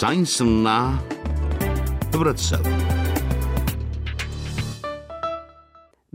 ሳይንስና ህብረተሰብ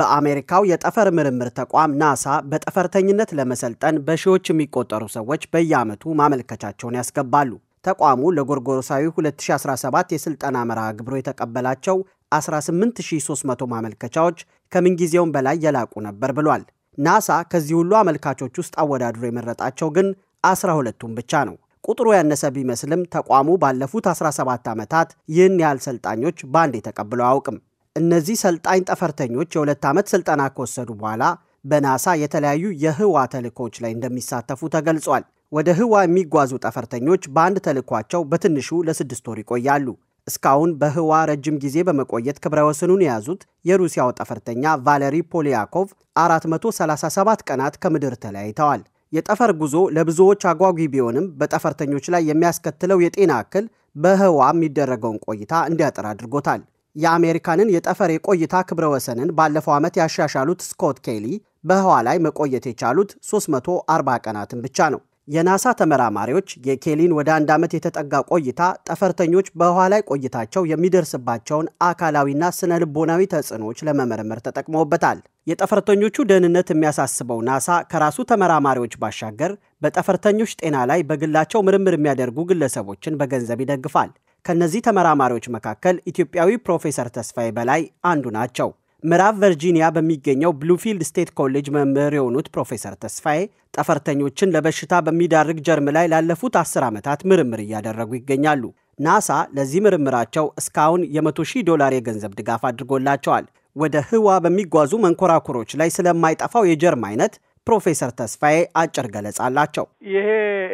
በአሜሪካው የጠፈር ምርምር ተቋም ናሳ በጠፈርተኝነት ለመሰልጠን በሺዎች የሚቆጠሩ ሰዎች በየዓመቱ ማመልከቻቸውን ያስገባሉ። ተቋሙ ለጎርጎሮሳዊ 2017 የሥልጠና መርሃ ግብሮ የተቀበላቸው 18300 ማመልከቻዎች ከምንጊዜውም በላይ የላቁ ነበር ብሏል። ናሳ ከዚህ ሁሉ አመልካቾች ውስጥ አወዳድሮ የመረጣቸው ግን አስራ ሁለቱም ብቻ ነው። ቁጥሩ ያነሰ ቢመስልም ተቋሙ ባለፉት 17 ዓመታት ይህን ያህል ሰልጣኞች በአንዴ ተቀብለው አያውቅም። እነዚህ ሰልጣኝ ጠፈርተኞች የሁለት ዓመት ስልጠና ከወሰዱ በኋላ በናሳ የተለያዩ የህዋ ተልእኮዎች ላይ እንደሚሳተፉ ተገልጿል። ወደ ህዋ የሚጓዙ ጠፈርተኞች በአንድ ተልእኳቸው በትንሹ ለስድስት ወር ይቆያሉ። እስካሁን በህዋ ረጅም ጊዜ በመቆየት ክብረ ወሰኑን የያዙት የሩሲያው ጠፈርተኛ ቫለሪ ፖሊያኮቭ 437 ቀናት ከምድር ተለያይተዋል። የጠፈር ጉዞ ለብዙዎች አጓጊ ቢሆንም በጠፈርተኞች ላይ የሚያስከትለው የጤና እክል በህዋ የሚደረገውን ቆይታ እንዲያጥር አድርጎታል። የአሜሪካንን የጠፈር የቆይታ ክብረ ወሰንን ባለፈው ዓመት ያሻሻሉት ስኮት ኬሊ በህዋ ላይ መቆየት የቻሉት 340 ቀናትን ብቻ ነው። የናሳ ተመራማሪዎች የኬሊን ወደ አንድ ዓመት የተጠጋ ቆይታ ጠፈርተኞች በውኃ ላይ ቆይታቸው የሚደርስባቸውን አካላዊና ስነ ልቦናዊ ተጽዕኖዎች ለመመርመር ተጠቅመውበታል። የጠፈርተኞቹ ደህንነት የሚያሳስበው ናሳ ከራሱ ተመራማሪዎች ባሻገር በጠፈርተኞች ጤና ላይ በግላቸው ምርምር የሚያደርጉ ግለሰቦችን በገንዘብ ይደግፋል። ከእነዚህ ተመራማሪዎች መካከል ኢትዮጵያዊ ፕሮፌሰር ተስፋዬ በላይ አንዱ ናቸው። ምዕራብ ቨርጂኒያ በሚገኘው ብሉፊልድ ስቴት ኮሌጅ መምህር የሆኑት ፕሮፌሰር ተስፋዬ ጠፈርተኞችን ለበሽታ በሚዳርግ ጀርም ላይ ላለፉት አስር ዓመታት ምርምር እያደረጉ ይገኛሉ። ናሳ ለዚህ ምርምራቸው እስካሁን የመቶ ሺህ ዶላር የገንዘብ ድጋፍ አድርጎላቸዋል። ወደ ህዋ በሚጓዙ መንኮራኩሮች ላይ ስለማይጠፋው የጀርም አይነት ፕሮፌሰር ተስፋዬ አጭር ገለጻ አላቸው። ይሄ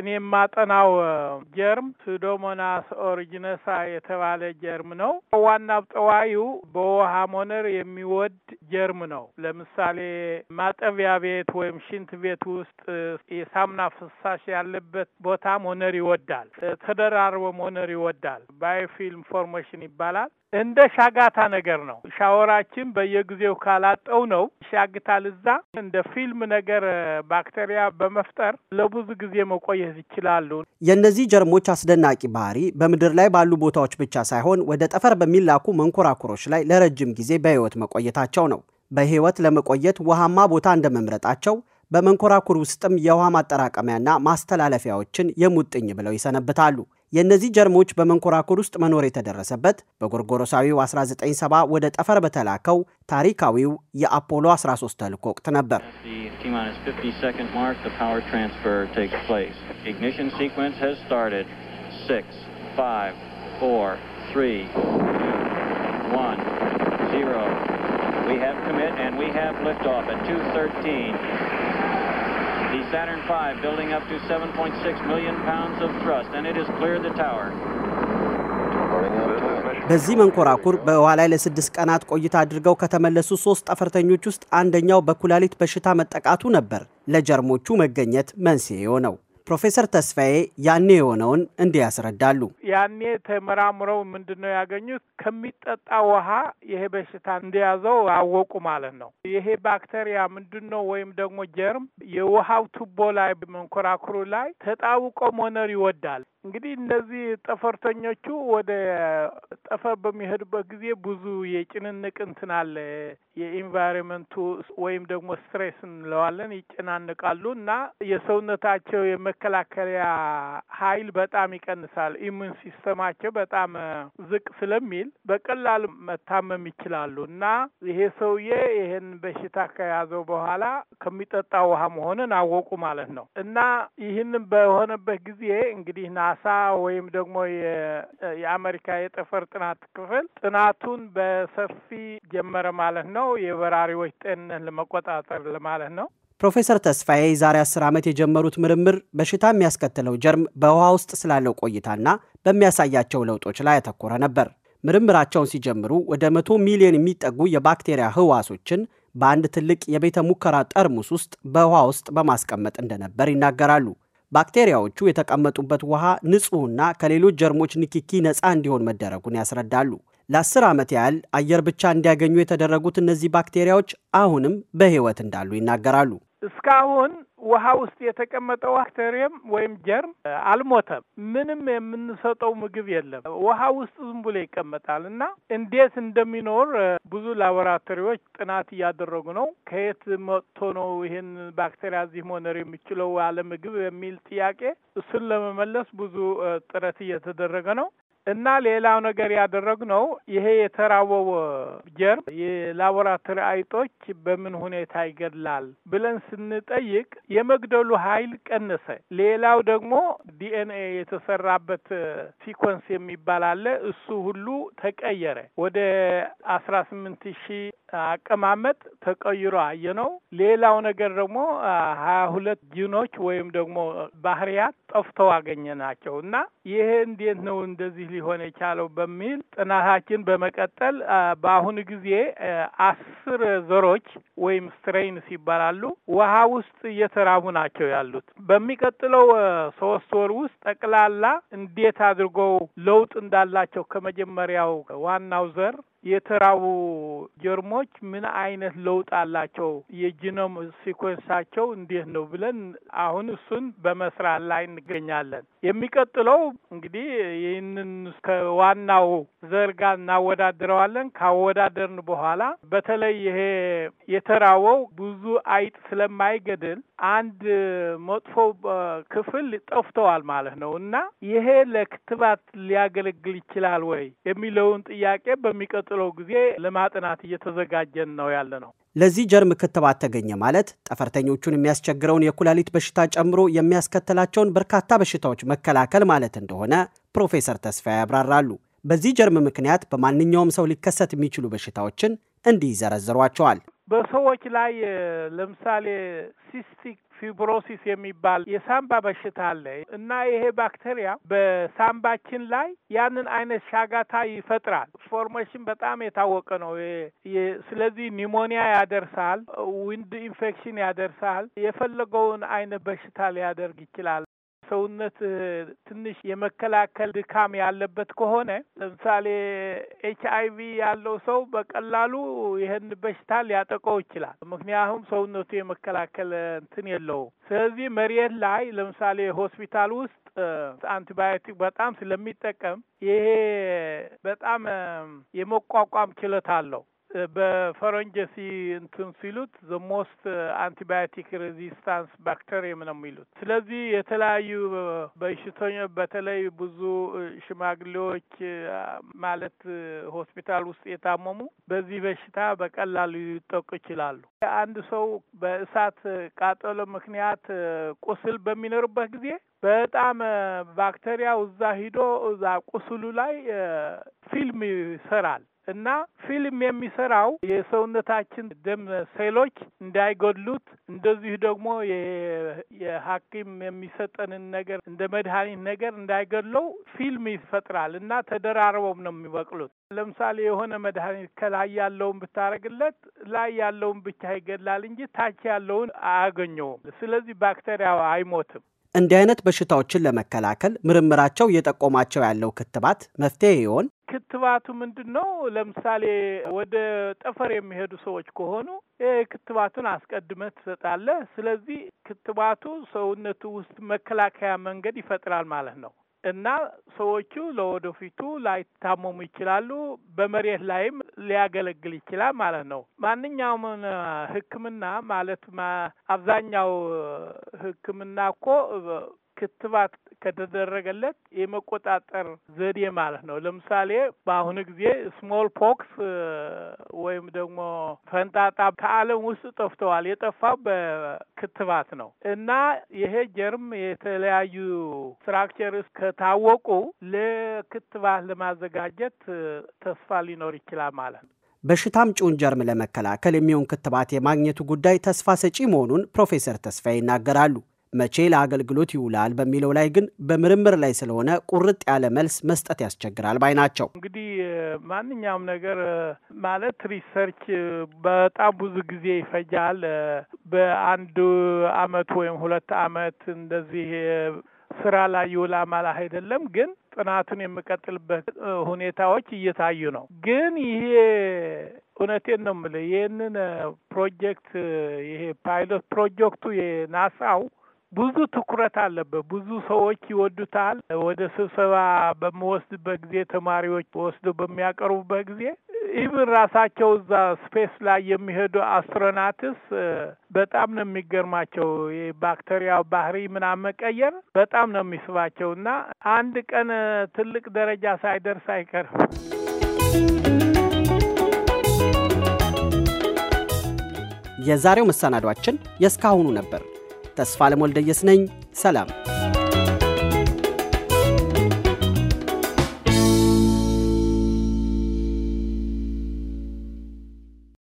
እኔ የማጠናው ጀርም ሱዶሞናስ ኦሪጂነሳ የተባለ ጀርም ነው። ዋናው ጠዋዩ በውሃ ሞነር የሚወድ ጀርም ነው። ለምሳሌ ማጠቢያ ቤት ወይም ሽንት ቤት ውስጥ የሳሙና ፍሳሽ ያለበት ቦታ ሞነር ይወዳል። ተደራርቦ ሞነር ይወዳል። ባዮፊልም ፎርሜሽን ይባላል። እንደ ሻጋታ ነገር ነው። ሻወራችን በየጊዜው ካላጠው ነው ሻግታል። እዛ እንደ ፊልም ነገር ባክቴሪያ በመፍጠር ለብዙ ጊዜ መቆየት ይችላሉ። የእነዚህ ጀርሞች አስደናቂ ባህሪ በምድር ላይ ባሉ ቦታዎች ብቻ ሳይሆን ወደ ጠፈር በሚላኩ መንኮራኩሮች ላይ ለረጅም ጊዜ በህይወት መቆየታቸው ነው። በህይወት ለመቆየት ውሃማ ቦታ እንደመምረጣቸው በመንኮራኩር ውስጥም የውሃ ማጠራቀሚያና ማስተላለፊያዎችን የሙጥኝ ብለው ይሰነብታሉ። የእነዚህ ጀርሞች በመንኮራኩር ውስጥ መኖር የተደረሰበት በጎርጎሮሳዊው 1970 ወደ ጠፈር በተላከው ታሪካዊው የአፖሎ 13 ተልእኮ ወቅት ነበር። We have commit and we have liftoff at 213. Saturn V building up to 7.6 million pounds of thrust and it has cleared the tower. በዚህ መንኮራኩር በውሃ ላይ ለስድስት ቀናት ቆይታ አድርገው ከተመለሱ ሶስት ጠፈርተኞች ውስጥ አንደኛው በኩላሊት በሽታ መጠቃቱ ነበር ለጀርሞቹ መገኘት መንስኤ የሆነው። ፕሮፌሰር ተስፋዬ ያኔ የሆነውን እንዲህ ያስረዳሉ። ያኔ ተመራምረው ምንድን ነው ያገኙት? ከሚጠጣ ውሃ ይሄ በሽታ እንደያዘው አወቁ ማለት ነው። ይሄ ባክተሪያ ምንድን ነው ወይም ደግሞ ጀርም የውሃው ቱቦ ላይ መንኮራኩሩ ላይ ተጣውቆ መኖር ይወዳል። እንግዲህ እነዚህ ጠፈርተኞቹ ወደ ጠፈር በሚሄዱበት ጊዜ ብዙ የጭንንቅ እንትን አለ የኢንቫይሮንመንቱ ወይም ደግሞ ስትሬስ እንለዋለን ይጨናነቃሉ እና የሰውነታቸው የመከላከያ ኃይል በጣም ይቀንሳል። ኢሙን ሲስተማቸው በጣም ዝቅ ስለሚል በቀላሉ መታመም ይችላሉ እና ይሄ ሰውዬ ይሄን በሽታ ከያዘው በኋላ ከሚጠጣ ውሃ መሆንን አወቁ ማለት ነው እና ይህንን በሆነበት ጊዜ እንግዲህ ናሳ ወይም ደግሞ የአሜሪካ የጠፈር ጥናት ክፍል ጥናቱን በሰፊ ጀመረ ማለት ነው። ነው የበራሪዎች ጤንነት ለመቆጣጠር ለማለት ነው። ፕሮፌሰር ተስፋዬ የዛሬ አስር ዓመት የጀመሩት ምርምር በሽታ የሚያስከትለው ጀርም በውሃ ውስጥ ስላለው ቆይታና በሚያሳያቸው ለውጦች ላይ ያተኮረ ነበር። ምርምራቸውን ሲጀምሩ ወደ መቶ ሚሊዮን የሚጠጉ የባክቴሪያ ህዋሶችን በአንድ ትልቅ የቤተ ሙከራ ጠርሙስ ውስጥ በውሃ ውስጥ በማስቀመጥ እንደነበር ይናገራሉ። ባክቴሪያዎቹ የተቀመጡበት ውሃ ንጹህና ከሌሎች ጀርሞች ንኪኪ ነፃ እንዲሆን መደረጉን ያስረዳሉ። ለአስር ዓመት ያህል አየር ብቻ እንዲያገኙ የተደረጉት እነዚህ ባክቴሪያዎች አሁንም በሕይወት እንዳሉ ይናገራሉ። እስካሁን ውሃ ውስጥ የተቀመጠው ባክቴሪየም ወይም ጀርም አልሞተም። ምንም የምንሰጠው ምግብ የለም። ውሃ ውስጥ ዝም ብሎ ይቀመጣል እና እንዴት እንደሚኖር ብዙ ላቦራቶሪዎች ጥናት እያደረጉ ነው። ከየት መጥቶ ነው ይህን ባክቴሪያ እዚህ መኖር የሚችለው ያለ ምግብ የሚል ጥያቄ፣ እሱን ለመመለስ ብዙ ጥረት እየተደረገ ነው። እና ሌላው ነገር ያደረግነው ይሄ የተራወበ ጀርም የላቦራቶሪ አይጦች በምን ሁኔታ ይገድላል ብለን ስንጠይቅ የመግደሉ ኃይል ቀነሰ። ሌላው ደግሞ ዲኤንኤ የተሰራበት ሲኮንስ የሚባል አለ። እሱ ሁሉ ተቀየረ። ወደ አስራ ስምንት ሺህ አቀማመጥ ተቀይሮ አየ ነው። ሌላው ነገር ደግሞ ሀያ ሁለት ጂኖች ወይም ደግሞ ባህሪያት ጠፍተው አገኘ ናቸው እና ይሄ እንዴት ነው እንደዚህ ሊሆን የቻለው በሚል ጥናታችን በመቀጠል በአሁኑ ጊዜ አስር ዘሮች ወይም ስትሬይንስ ይባላሉ ውሃ ውስጥ እየተራቡ ናቸው ያሉት። በሚቀጥለው ሶስት ወር ውስጥ ጠቅላላ እንዴት አድርገው ለውጥ እንዳላቸው ከመጀመሪያው ዋናው ዘር የተራቡ ጀርሞች ምን አይነት ለውጥ አላቸው፣ የጂኖም ሲኮንሳቸው እንዴት ነው ብለን አሁን እሱን በመስራት ላይ እንገኛለን። የሚቀጥለው እንግዲህ ይህንን ከዋናው ዘር ጋር እናወዳድረዋለን። ካወዳደርን በኋላ በተለይ ይሄ የተራወው ብዙ አይጥ ስለማይገድል አንድ መጥፎ ክፍል ጠፍተዋል ማለት ነው እና ይሄ ለክትባት ሊያገለግል ይችላል ወይ የሚለውን ጥያቄ በሚቀጥለው ጊዜ ለማጥናት እየተዘጋጀን ነው ያለ ነው። ለዚህ ጀርም ክትባት ተገኘ ማለት ጠፈርተኞቹን የሚያስቸግረውን የኩላሊት በሽታ ጨምሮ የሚያስከትላቸውን በርካታ በሽታዎች መከላከል ማለት እንደሆነ ፕሮፌሰር ተስፋ ያብራራሉ። በዚህ ጀርም ምክንያት በማንኛውም ሰው ሊከሰት የሚችሉ በሽታዎችን እንዲህ ይዘረዝሯቸዋል። በሰዎች ላይ ለምሳሌ ሲስቲክ ፊብሮሲስ የሚባል የሳምባ በሽታ አለ እና ይሄ ባክቴሪያ በሳምባችን ላይ ያንን አይነት ሻጋታ ይፈጥራል። ፎርሜሽን በጣም የታወቀ ነው። ስለዚህ ኒሞኒያ ያደርሳል፣ ዊንድ ኢንፌክሽን ያደርሳል፣ የፈለገውን አይነት በሽታ ሊያደርግ ይችላል። ሰውነት ትንሽ የመከላከል ድካም ያለበት ከሆነ ለምሳሌ ኤች አይ ቪ ያለው ሰው በቀላሉ ይህን በሽታ ሊያጠቀው ይችላል። ምክንያቱም ሰውነቱ የመከላከል እንትን የለውም። ስለዚህ መሬት ላይ ለምሳሌ ሆስፒታል ውስጥ አንቲባዮቲክ በጣም ስለሚጠቀም ይሄ በጣም የመቋቋም ችሎታ አለው። በፈረንጅ ሲ እንትን ሲሉት ዘ ሞስት አንቲባዮቲክ ሬዚስታንስ ባክተሪየም ነው የሚሉት። ስለዚህ የተለያዩ uh, በሽተኞች በተለይ ብዙ uh, ሽማግሌዎች uh, ማለት ሆስፒታል ውስጥ የታመሙ በዚህ በሽታ በቀላሉ ሊጠቁ ይችላሉ። አንድ ሰው በእሳት ቃጠሎ ምክንያት ቁስል በሚኖርበት ጊዜ በጣም ባክቴሪያው እዛ ሂዶ እዛ ቁስሉ ላይ ፊልም ይሰራል እና ፊልም የሚሰራው የሰውነታችን ደም ሴሎች እንዳይጎድሉት፣ እንደዚሁ ደግሞ የሐኪም የሚሰጠንን ነገር እንደ መድኃኒት ነገር እንዳይገድለው ፊልም ይፈጥራል እና ተደራርበው ነው የሚበቅሉት። ለምሳሌ የሆነ መድኃኒት ከላይ ያለውን ብታረግለት ላይ ያለውን ብቻ ይገድላል እንጂ ታች ያለውን አያገኘውም። ስለዚህ ባክቴሪያው አይሞትም። እንዲህ አይነት በሽታዎችን ለመከላከል ምርምራቸው እየጠቆማቸው ያለው ክትባት መፍትሄ ይሆን? ክትባቱ ምንድን ነው? ለምሳሌ ወደ ጠፈር የሚሄዱ ሰዎች ከሆኑ ክትባቱን አስቀድመ ትሰጣለህ። ስለዚህ ክትባቱ ሰውነቱ ውስጥ መከላከያ መንገድ ይፈጥራል ማለት ነው እና ሰዎቹ ለወደፊቱ ላይታመሙ ይችላሉ። በመሬት ላይም ሊያገለግል ይችላል ማለት ነው። ማንኛውም ሕክምና ማለት አብዛኛው ሕክምና እኮ ክትባት ከተደረገለት የመቆጣጠር ዘዴ ማለት ነው። ለምሳሌ በአሁኑ ጊዜ ስሞል ፖክስ ወይም ደግሞ ፈንጣጣ ከዓለም ውስጥ ጠፍተዋል። የጠፋው በክትባት ነው እና ይሄ ጀርም የተለያዩ ስትራክቸርስ ከታወቁ ለክትባት ለማዘጋጀት ተስፋ ሊኖር ይችላል ማለት ነው። በሽታ አምጪውን ጀርም ለመከላከል የሚሆን ክትባት የማግኘቱ ጉዳይ ተስፋ ሰጪ መሆኑን ፕሮፌሰር ተስፋዬ ይናገራሉ። መቼ ለአገልግሎት ይውላል በሚለው ላይ ግን በምርምር ላይ ስለሆነ ቁርጥ ያለ መልስ መስጠት ያስቸግራል ባይ ናቸው። እንግዲህ ማንኛውም ነገር ማለት ሪሰርች በጣም ብዙ ጊዜ ይፈጃል። በአንድ አመት ወይም ሁለት አመት እንደዚህ ስራ ላይ ይውላ ማለት አይደለም። ግን ጥናቱን የምቀጥልበት ሁኔታዎች እየታዩ ነው። ግን ይሄ እውነቴን ነው የምልህ ይህንን ፕሮጀክት ይሄ ፓይሎት ፕሮጀክቱ የናሳው ብዙ ትኩረት አለበት። ብዙ ሰዎች ይወዱታል። ወደ ስብሰባ በምወስድበት ጊዜ ተማሪዎች ወስዶ በሚያቀርቡበት ጊዜ ኢቭን ራሳቸው እዛ ስፔስ ላይ የሚሄዱ አስትሮናትስ በጣም ነው የሚገርማቸው። የባክቴሪያው ባህሪ ምናምን መቀየር በጣም ነው የሚስባቸው እና አንድ ቀን ትልቅ ደረጃ ሳይደርስ አይቀርም። የዛሬው መሰናዷችን የእስካሁኑ ነበር። ተስፋ ለሞልደየስ ነኝ። ሰላም።